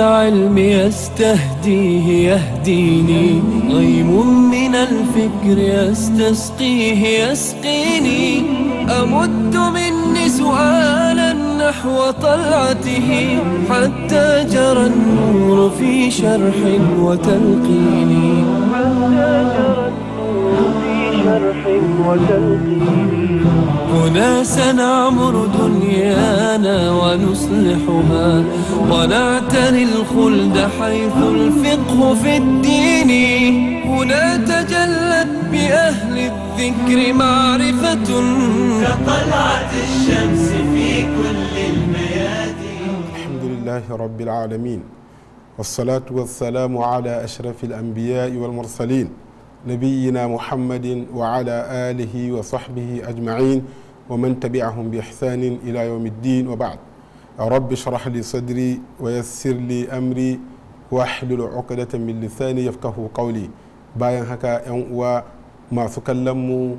العلم يستهديه يهديني غيم من الفكر يستسقيه يسقيني أمد مني سؤالا نحو طلعته حتى جرى النور في شرح وتلقيني حتى جرى جرح هنا سنعمر دنيانا ونصلحها ونعتني الخلد حيث الفقه في الدين هنا تجلت بأهل الذكر معرفة كطلعة الشمس في كل الميادين الحمد لله رب العالمين والصلاة والسلام على أشرف الأنبياء والمرسلين نبينا محمد وعلى آله وصحبه أجمعين ومن تبعهم بإحسان إلى يوم الدين وبعد رب اشرح لي صدري ويسر لي أمري واحلل عقدة من لساني يفقه قولي bayan haka 'yan uwa masu kallonmu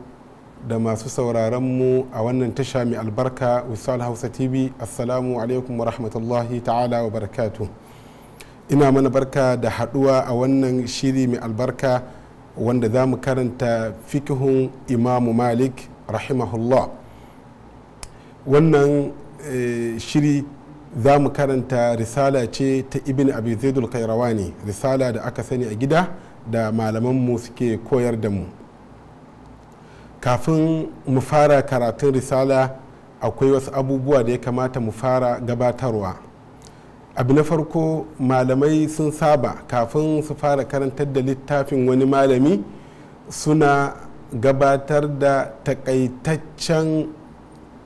da masu mu a wannan tasha mai albarka wisal hausa tv assalamu alaikum wa rahmatullahi ta'ala wa barakatu ina mana barka da haduwa a wannan shiri mai albarka wanda za mu karanta fikihun imamu malik rahimahullah wannan eh, shiri za mu karanta risala ce ta ibn abi zaidul kairawani risala da aka sani a gida da malamanmu suke koyar da mu kafin mu fara karatun risala akwai wasu abubuwa da ya kamata mu fara gabatarwa abu na farko malamai sun saba kafin su fara karantar da littafin wani malami suna gabatar da takaitaccen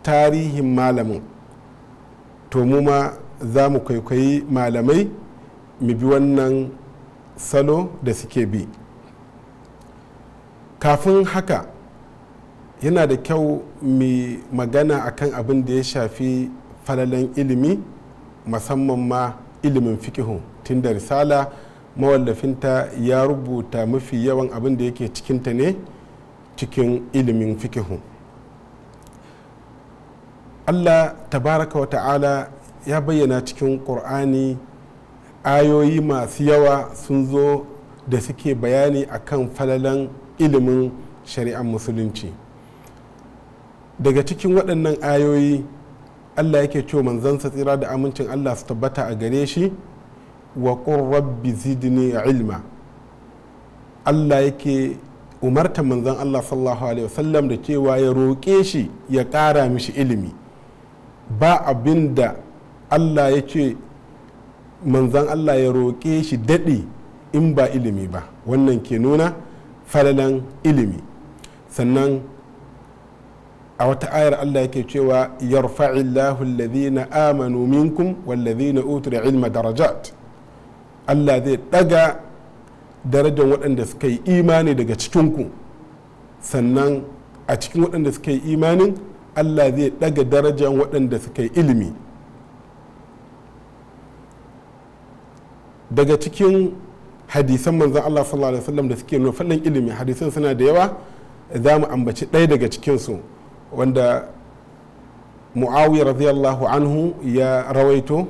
tarihin malamin to mu ma za mu kwaikwayi malamai mu bi wannan salo da suke bi kafin haka yana da kyau mu magana akan abin da ya shafi falalan ilimi musamman ma ilimin fikihun tun da risala mawallafinta ya rubuta mafi yawan abin da yake cikinta ne cikin ilimin fikihun allah tabaraka wa ta'ala ya bayyana cikin ƙur'ani ayoyi masu yawa sun zo da suke bayani akan falalan ilimin shari'ar musulunci daga cikin waɗannan ayoyi allah yake cewa sa tsira da amincin allah su tabbata a gare shi wa rabbi zidni ilma allah yake umarta manzon allah sallallahu alaihi wasallam da cewa ya roƙe shi ya ƙara mishi ilimi ba abinda da allah ya ce allah ya roƙe shi daɗi in ba ilimi ba wannan ke nuna falalan ilimi sannan a wata ayar Allah yake cewa yarfa'illahu alladhina amanu minkum walladhina utul ilma darajat Allah zai daga darajar waɗanda suka yi imani daga cikinku sannan a cikin waɗanda suka yi imanin Allah zai daga darajar waɗanda suka yi ilimi daga cikin hadisan manzan Allah sallallahu alaihi wasallam da suke nuna ilimi hadisan suna da yawa za mu ambaci ɗaya daga cikinsu wanda muawiya radiyallahu anhu ya rawaito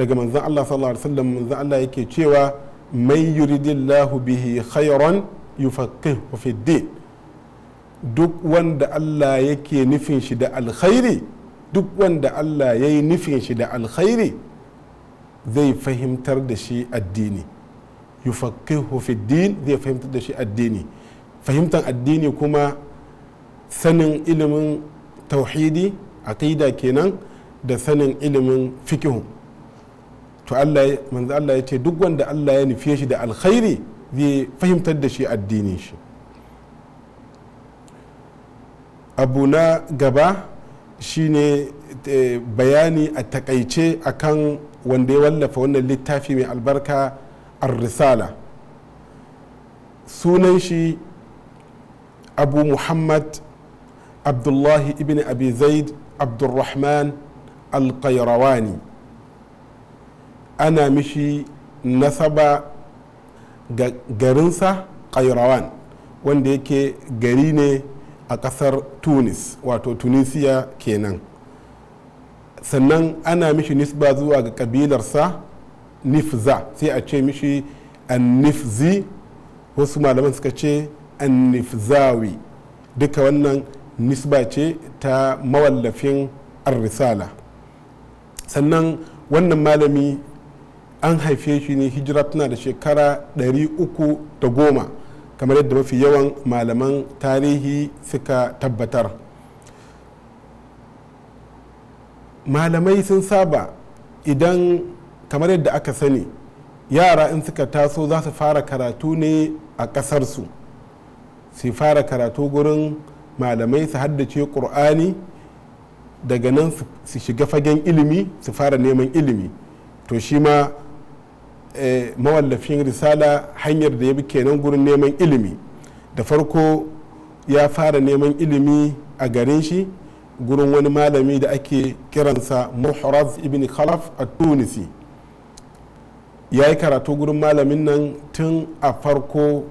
daga manzan Allah sallallahu alaihi wasallam manzan Allah yake cewa mai yuridillahu bihi khayran yufaqihu fi din duk wanda Allah yake nufin shi da alkhairi duk wanda Allah ya yi nufin shi da alkhairi zai fahimtar da shi addini yufaqihu fi din zai fahimtar da shi addini fahimtar addini kuma sanin ilimin tauhidi aqida kenan da sanin ilimin fikihu to Allah manzo Allah ya ce duk wanda Allah ya nufe shi da alkhairi zai fahimtar da shi addinin shi abu na gaba shine eh, bayani a takaice akan wanda ya wallafa wannan littafi mai albarka ar-risala sunan shi abu muhammad abdullahi ibn abi zaid abdurrahman alƙairawani ana mishi nasaba ga garinsa ƙairawan wanda yake gari ne a ƙasar tunis wato tunisiya kenan sannan ana mishi nisba zuwa ga ƙabilarsa nifza sai a ce mishi annifzi wasu malaman suka ce annifzawi duka wannan nisba ce ta mawallafin arrisala sannan wannan malami an haife shi ne hijira tana da shekara 310 kamar yadda mafi yawan malaman tarihi suka tabbatar malamai sun saba idan kamar yadda aka sani yara in suka taso za su fara karatu ne a kasarsu su fara karatu gurin malamai su haddace ƙur'ani daga nan su shiga fagen ilimi su fara neman ilimi to shi ma eh, mawallafin risala hanyar da ya bi kenan gurin neman ilimi da farko ya fara neman ilimi a garin shi gurin wani malami da ake kiransa muhraz ibn khalaf a tunisi ya yi karatu gurin malamin nan tun a farko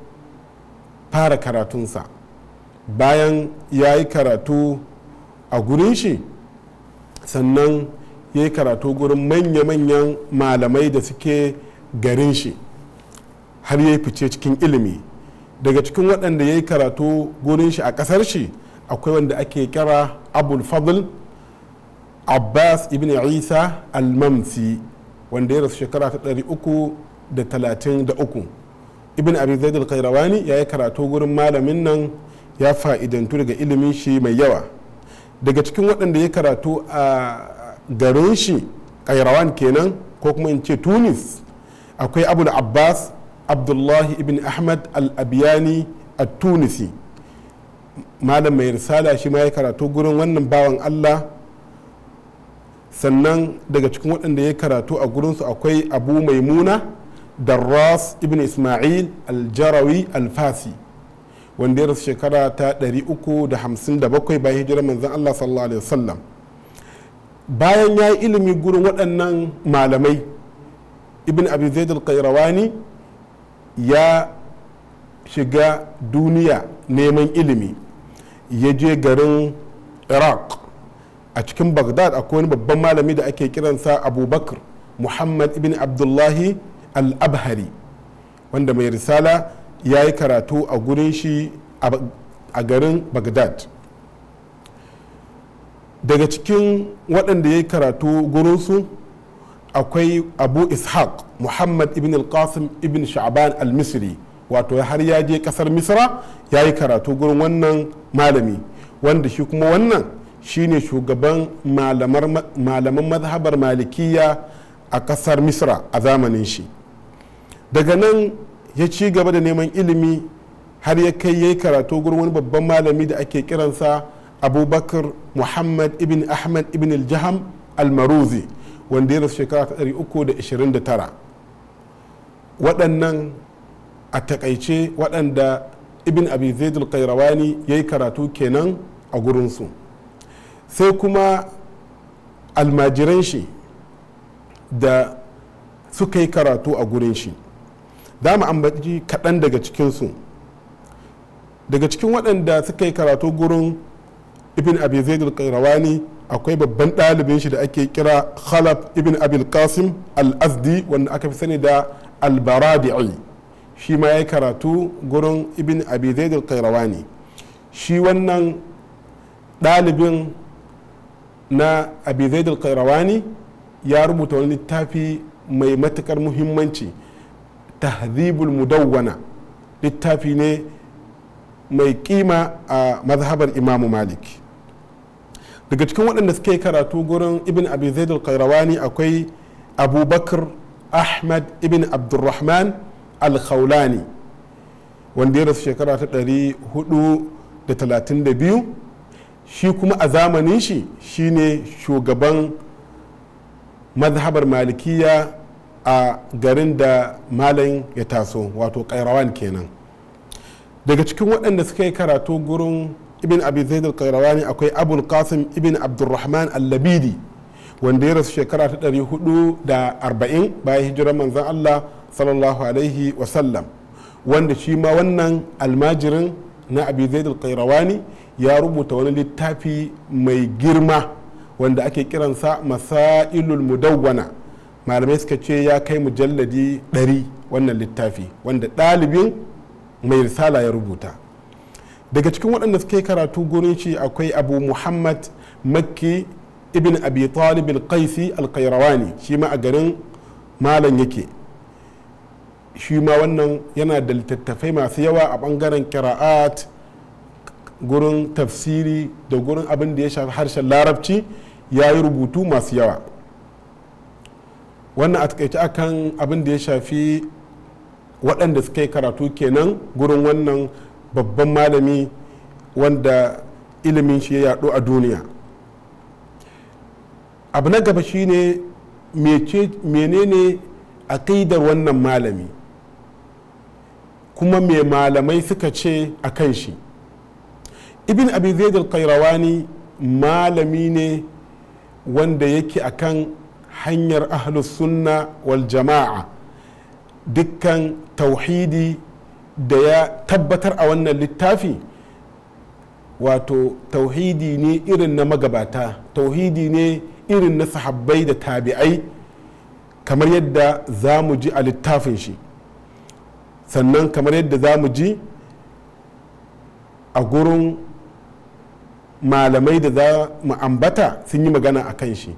fara karatunsa bayan ya yi karatu a gurin shi sannan ya yi karatu gurin manya-manyan malamai da suke garin shi har ya yi fice cikin ilimi daga cikin waɗanda ya yi karatu gurin shi a ƙasar shi akwai wanda ake kira abul fadl abbas ibn isa al-mamsi wanda ya rasu shekara ta uku ibn abi zaid al ya yi karatu gurin malamin nan ya fa'idantu daga ilimin shi mai yawa daga cikin waɗanda ya karatu a garin shi kairawan kenan ko kuma in ce tunis akwai abu abul abbas abdullahi ibn ahmad al-abiyani a tunisi malam mai risala shi ma ya karatu gurin wannan bawan allah sannan daga cikin waɗanda ya karatu a gurinsu akwai abu maimuna darras ibn ismail al-jarawi al-fasi wanda ya rasu shekara ta 357 bayan hijirar manzon Allah sallallahu alaihi wasallam bayan ya yi ilimi gurin waɗannan malamai ibn abi zaid al-qayrawani ya shiga duniya neman ilimi ya je garin iraq a cikin bagdad akwai wani babban malami da ake kiransa abubakar muhammad ibn abdullahi al-abhari wanda mai risala ya yi karatu a gurin shi a garin bagdad daga cikin waɗanda ya yi karatu gurinsu akwai abu ishaq muhammad ibn al-qasim ibn sha'ban al-misri wato har ya je ƙasar misra ya yi karatu gurin wannan malami wanda shi kuma wannan shine shugaban malaman mazhabar malikiya a ƙasar misra a zamanin shi daga nan ya ci gaba da neman ilimi har ya kai ya yi karatu gurin wani babban malami da ake kiransa abubakar muhammad ibn ahmad ibn al-jaham wanda ya rasu shekara ta 329 waɗannan a takaice waɗanda ibn abi zaid al ya yi karatu kenan a gurinsu sai kuma almajiran shi da suka yi karatu a gurin shi da mu ambaci kaɗan daga cikinsu daga cikin waɗanda suka yi karatu gurin ibn abi zaid al-qayrawani akwai babban ɗalibin shi da ake kira khalaf ibn abil qasim al-azdi wanda aka fi sani da al-baradi'i shi ma ya karatu gurin ibn abi zaid al-qayrawani shi wannan ɗalibin na abi zaid al-qayrawani ya rubuta wani littafi mai matukar muhimmanci tahdhibul mudawwana littafi ne mai kima a mazhabar imamu malik daga cikin waɗanda suka karatu gurin ibn abi zaid al-qayrawani akwai abubakar ahmad ibn abdurrahman al-khawlani wanda ya rasu shekara ta da da talatin biyu shi kuma a zamanin shi shine shugaban mazhabar malikiya a garin da malam ya taso wato kairawan kenan daga cikin waɗanda suka yi karatu gurin ibn abi zaid al-qayrawani akwai abul qasim ibn abdurrahman al-labidi wanda ya rasu shekara ta 440 bayan hijirar manzon Allah sallallahu alaihi wasallam wanda shi ma wannan almajirin na abi zaid al-qayrawani ya rubuta wani littafi mai girma wanda ake kiransa masailul mudawwana malamai suka ce ya kai mujalladi ɗari wannan littafi wanda ɗalibin mai risala ya rubuta daga cikin waɗanda suka yi karatu gurin shi akwai abu muhammad makki ibn abi talib al-qaisi al shi ma a garin malam yake shi ma wannan yana da littattafai masu yawa a bangaren kira'at gurin tafsiri da gurin abin da ya shafi harshen larabci ya yi rubutu masu yawa wannan a takaice akan abin da ya shafi waɗanda suka yi karatu kenan gurin wannan babban malami wanda ilimin shi ya yaɗo a duniya abu na gaba shi ne menene aƙidar wannan malami kuma me malamai suka ce a kan shi ibn abi zaid al-qayrawani malami ne wanda yake akan hanyar ahlus sunna wal jama'a dukkan tauhidi da ya tabbatar a wannan littafi wato tauhidi ne irin na magabata tauhidi ne irin na sahabbai da tabi'ai kamar yadda za mu ji a littafin shi sannan kamar yadda za mu ji a gurin malamai da za mu ambata sun yi magana a kan shi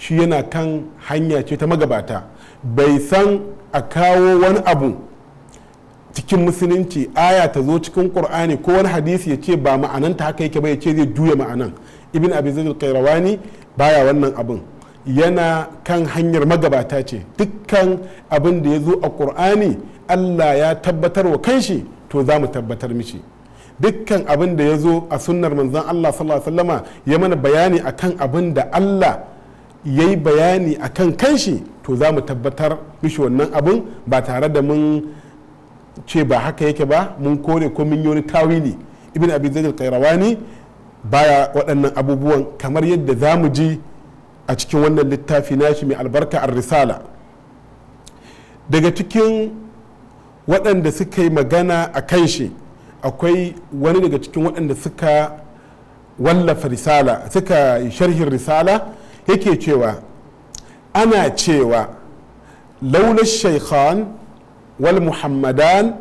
shi yana kan hanya ce ta magabata bai san a kawo wani abu cikin musulunci aya ta zo cikin ƙur'ani ko wani hadisi ya ce ba ma'ananta haka yake ba ya ce zai juya ma'anan ibn abi zaid al-qayrawani baya wannan abin yana kan hanyar magabata ce dukkan abin da ya zo a ƙur'ani Allah ya tabbatar wa kanshi to za mu tabbatar mishi dukkan abin da ya zo a sunnar manzon Allah sallallahu alaihi ya mana bayani akan abin da Allah ya yi bayani a kan kanshi to za mu tabbatar mishi wannan abin ba tare da mun ce ba haka yake ba mun kone ko mun yi wani tawili ibn abi zaid al ba baya waɗannan abubuwan kamar yadda za mu ji a cikin wannan littafi shi mai albarka a risala daga cikin waɗanda suka yi magana a kan shi akwai wani daga cikin waɗanda suka wallafa risala suka yi sharhin risala yake cewa ana cewa laula shaykhan wal muhammadan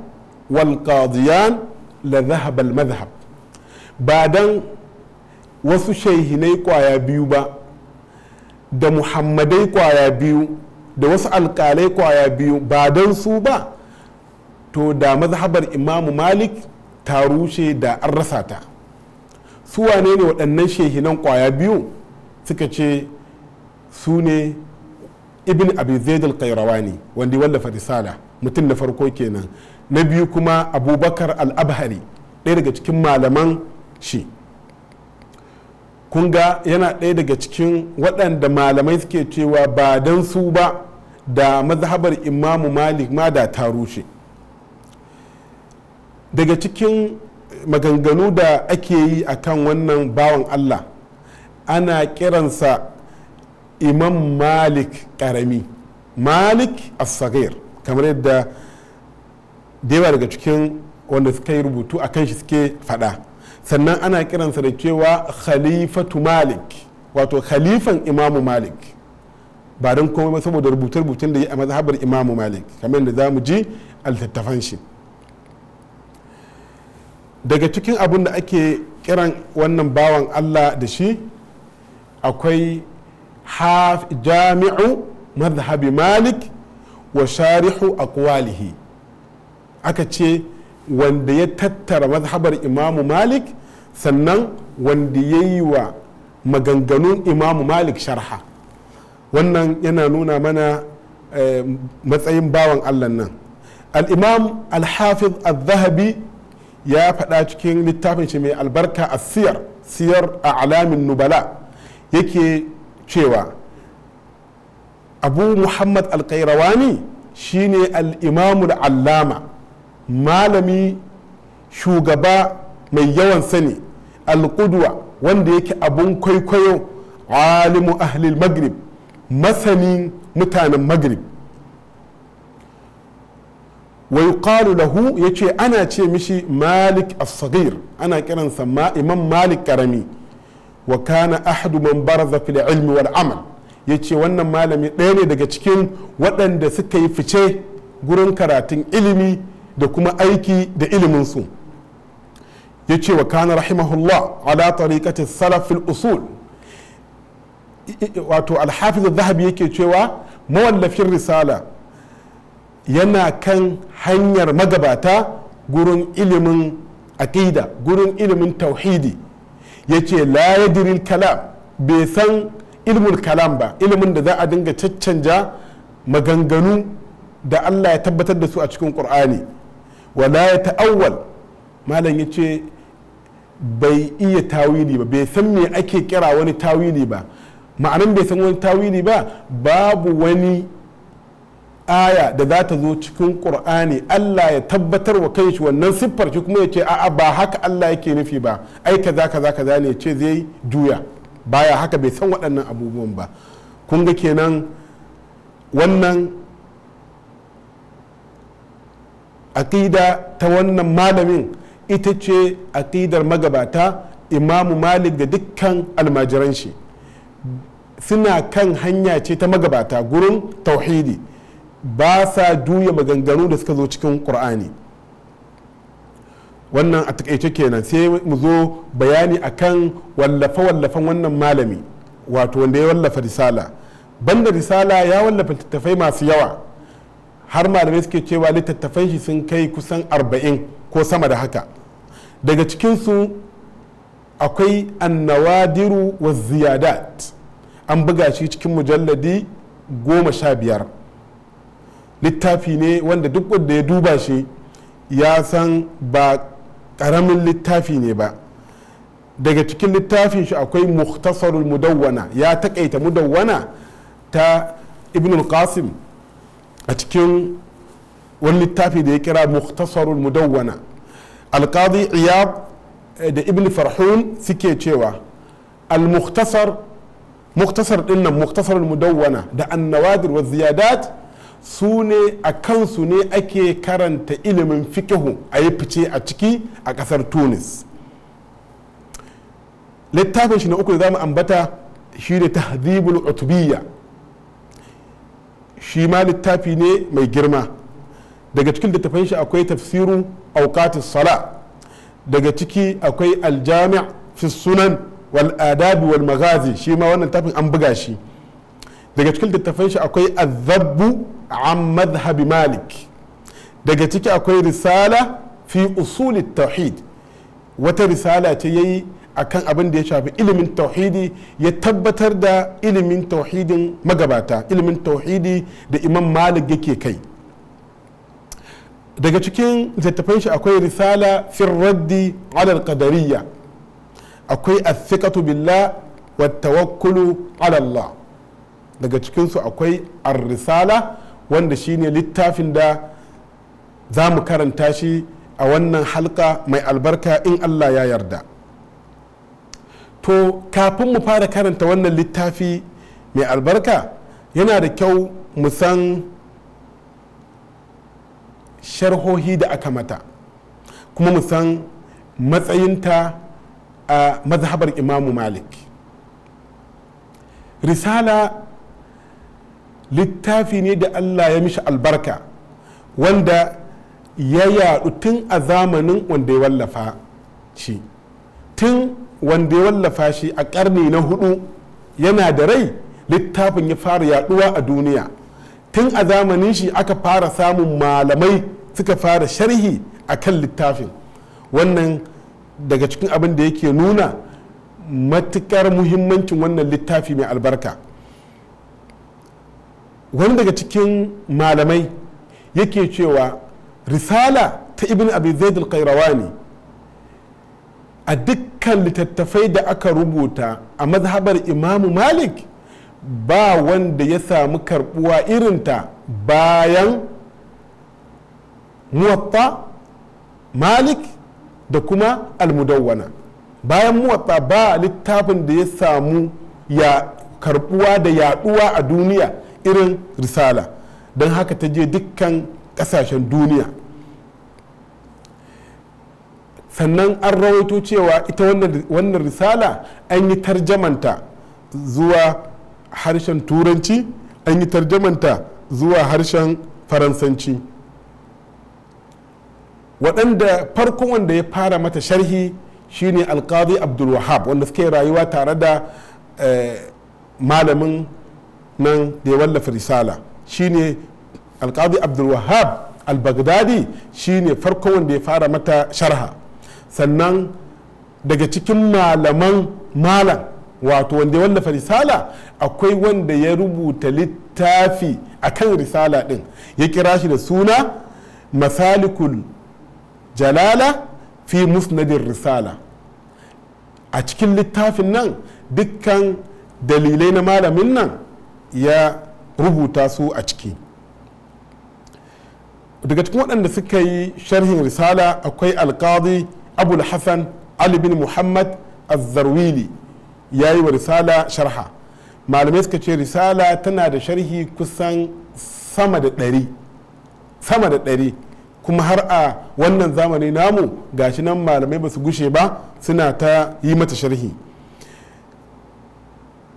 wal qadiyan la al ba dan wasu shaihinai kwaya biyu ba da muhammadai kwaya biyu da wasu alkalai kwaya biyu ba don su ba to da mazhabar imamu malik ta rushe da an rasa ta su wane ne waɗannan shehinan kwaya biyu suka ce su ne ibn abi zaid al-qayrawani wanda ya wallafa risala mutum na farko kenan na biyu kuma abubakar al-abhari ɗaya daga cikin malaman shi Kunga yana ɗaya daga cikin waɗanda malamai suke cewa ba don su ba da mazhabar imamu malik ma da ta rushe daga cikin maganganu da ake yi akan wannan bawan allah ana kiransa imam malik karami malik asagir kamar yadda yawa daga cikin wanda suka yi rubutu a kan shi suke fada sannan ana kiransa da cewa khalifatu malik wato khalifan imamu malik ba don komai ba saboda rubutar rubutun da yi a mazhabar imamu malik kamar da za mu ji altattafan shi daga cikin abin da ake kiran wannan bawan allah da shi akwai jami'u mazhabi malik wa sharihu akwalihi aka ce wanda ya tattara mazhabar imamu malik sannan wanda ya yi wa maganganun imamu malik sharha wannan yana nuna mana eh, matsayin bawan allah nan al'imam al-hafiz al-zahabi ya faɗa cikin littafin shi mai albarka a siyar siyar a alamin nubala yake cewa abu muhammad alkairawani shine al'imamul allama malami shugaba mai yawan sani alƙudwa wanda yake abun kwaikwayo alimu ahlil maghrib masanin mutanen maghrib wai yuqalu lahu yace ana ce mishi malik as-saghir ana kiransa imam malik karami wa kana ahadu man baraza fil ilmi wal amal yace wannan malami ɗaya ne daga cikin waɗanda suka yi fice gurin karatun ilimi da kuma aiki da ilimin su yace wa kana rahimahullah ala tariqati salaf fil usul wato alhafiz zahabi yake cewa mawallafin risala yana kan hanyar magabata gurin ilimin aƙida gurin ilimin tauhidi yace ce la yadril kalam bai san ilmul kalam ba ilimin da za a dinga caccanja maganganu da Allah ya tabbatar da su a cikin ƙur'ani wala ya ta'awwal malam ya ce bai iya tawili ba bai san me ake kira wani tawili ba ma'anan bai san wani tawili ba babu wani aya da za ta zo cikin ƙur'ani allah ya tabbatar wa kai shi wannan siffar shi kuma ya ce a'a ba haka allah yake nufi ba ai kaza kaza kaza ne ce zai juya baya haka bai san waɗannan abubuwan ba kun ga kenan wannan aƙida ta wannan malamin ita ce aƙidar magabata imamu malik da dukkan almajiran shi suna kan hanya ce ta magabata gurin tauhidi ba sa duya maganganu da suka zo cikin ƙur'ani wannan a takaice kenan sai mu zo bayani akan wallafe-wallafen wannan malami wato wanda ya wallafa risala banda risala ya wallafa tattafai masu yawa har malamai suke cewa littattafan shi sun kai kusan arba'in ko sama da haka daga cikinsu akwai annawadiru wa ziyadat an buga shi cikin mujalladi goma sha biyar littafi ne wanda duk wanda ya duba shi ya san ba ƙaramin littafi ne ba daga cikin littafin shi akwai muktasarul mudawwana ya taƙaita mudawwana ta ibn qasim a cikin wani littafi da ya kira muktasarul mudawwana alkazi iyab eh, da ibn farhun suke cewa al-muktasar muktasar dinnan muktasarul mudawwana da annawadir wa ziyadat su ne a kansu ne ake karanta ilimin fikihu a yi fice a ciki a kasar tunis littafin shi na uku da za mu ambata shi ne tahdhibul utubiyya shi ma littafi ne mai girma daga cikin littafin shi akwai tafsiru auqatis sala daga ciki akwai aljami'a fi sunan wal adabi wal magazi shi ma wannan tafin an buga shi daga cikin littafan shi akwai azabbu an madhhabi malik daga ciki akwai risala fi usuli tauhid wata risala ce yayi akan abin da ya shafi ilimin tauhidi ya tabbatar da ilimin tauhidin magabata ilimin tauhidi da imam malik yake kai daga cikin littafan shi akwai risala fi raddi ala qadariyya akwai athiqatu billah wa tawakkulu ala allah daga cikinsu akwai ar-risala wanda shine littafin da za mu karanta shi a wannan halka mai albarka in allah ya yarda to kafin mu fara karanta wannan littafi mai albarka yana da kyau mu san sharhohi da aka mata kuma mu san matsayinta a mazhabar imamu malik risala littafi ne da allah ya mishi albarka wanda ya yaɗu tun a zamanin wanda ya wallafa shi tun wanda ya wallafa shi a ƙarni na hudu yana da rai littafin ya fara yaɗuwa a duniya tun a zamanin shi aka fara samun malamai suka fara sharhi a kan littafin wannan daga cikin abin da yake nuna matuƙar muhimmancin wannan littafi mai albarka wani daga cikin malamai yake cewa risala ta ibn abi zaid al-qayrawani a dukkan littattafai da aka rubuta a mazhabar imamu malik ba wanda ya samu karbuwa irinta bayan muwatta malik da kuma almudawwana bayan muwatta ba littafin da ya samu ya karbuwa da yaduwa a duniya irin risala don haka ta je dukkan kasashen duniya sannan an rawaito cewa ita wannan risala an yi tarjamanta zuwa harshen turanci an yi tarjamanta zuwa harshen faransanci waɗanda farkon wanda ya fara mata sharhi shine alkazi abdulwahab wanda suke rayuwa tare da eh, malamin nan da ya wallafa risala shine alkadi abdulwahab al-baghdadi shine farko wanda ya fara mata sharha sannan daga cikin malaman malam wato wanda ya wallafa risala akwai wanda ya rubuta littafi akan risala din ya kira shi da suna masalikul jalala fi musnadin risala a cikin littafin nan dukkan dalilai na malamin nan ya rubuta su a ciki daga cikin waɗanda suka yi sharhin risala akwai alkazi abul hassan ali bin muhammad azzarwili ya yi wa risala sharha malamai suka ce risala tana da sharhi kusan sama da ɗari kuma har a wannan zamani namu gashi nan malamai ba su gushe ba suna ta yi mata sharhi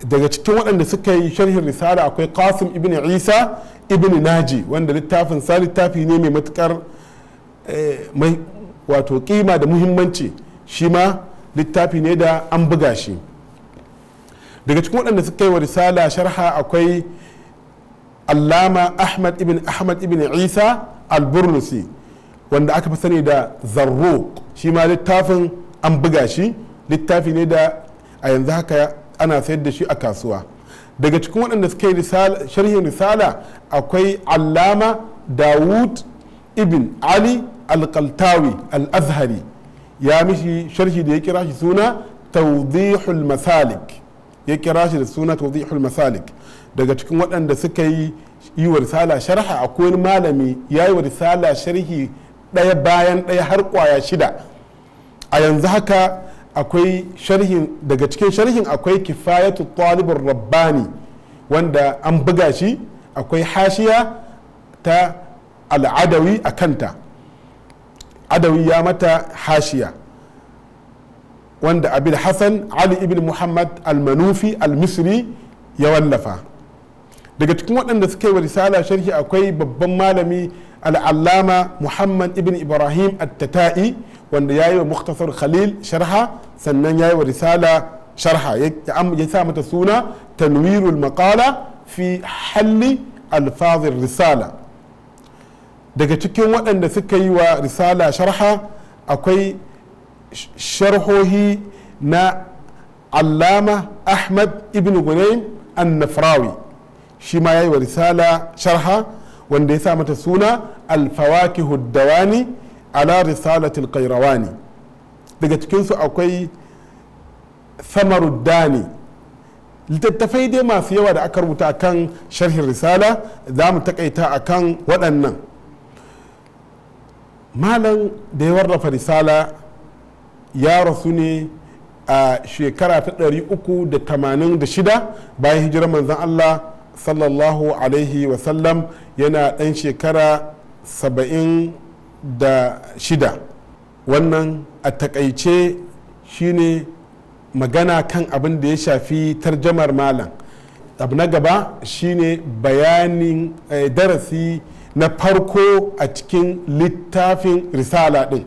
daga cikin waɗanda suka yi sharhin risala akwai qasim ibn isa ibn naji wanda littafin sa littafi ne mai matukar eh, mai wato kima da muhimmanci shi ma littafi ne da an buga shi daga cikin waɗanda suka yi wa risala sharha akwai allama ahmad ibn ahmad ibn isa al-burnusi wanda aka fi sani da zarro shi ma littafin an buga shi littafi ne da a yanzu haka ana sayar da shi a kasuwa daga cikin waɗanda suke sharhin risala akwai allama dawud ibn ali alkaltawi al-azhari ya mishi sharhi da ya kira shi suna tawdihul masalik ya kira shi da suna tawdihul masalik daga cikin waɗanda suka yi yi wa risala sharha akwai wani malami ya yi wa risala sharhi ɗaya bayan ɗaya har ƙwaya shida a yanzu haka akwai sharhin daga cikin sharhin akwai kifayatu talibur rabbani wanda an buga shi akwai hashiya ta al'adawi a kanta adawi ya mata hashiya wanda abin hassan ali ibn muhammad al-manufi al-misri ya wallafa daga cikin waɗanda suka yi wa risala sharhi akwai babban malami al'allama muhammad ibn ibrahim at-tata'i wanda ya yi wa muktasar khalil sharha sannan ya yi wa risala sharha ya sa mata suna tanwirul makala fi halli alfazir risala daga cikin waɗanda suka yi wa risala sharha akwai sharhohi na allama ahmad ibn gunayn annafrawi shi ma ya yi wa risala sharha wanda ya sa mata suna alfawakihu dawani ala risalatil qairawani daga cikinsu akwai samaruddani littattafai dai masu yawa da aka rubuta kan sharhin risala za mu takaita a kan waɗannan malam da ya warrafa risala ya rasu ne a shekara ta 386 bayan hijirar manzan allah sallallahu alaihi wasallam yana ɗan shekara 70 da shida wannan a takaice shine magana kan abin da ya shafi tarjamar malam abu na gaba shine bayanin eh, darasi na farko a cikin littafin risala din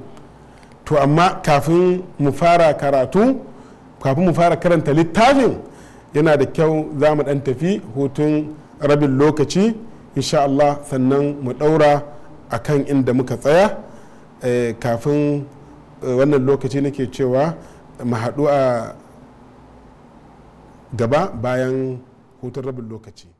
to amma kafin mu fara karatu kafin mu fara karanta littafin yana da kyau za mu dan tafi hutun rabin lokaci insha Allah sannan mu ɗaura. a kan inda muka tsaya eh, kafin eh, wannan lokaci nake cewa mu haɗu a gaba bayan hutun rabin lokaci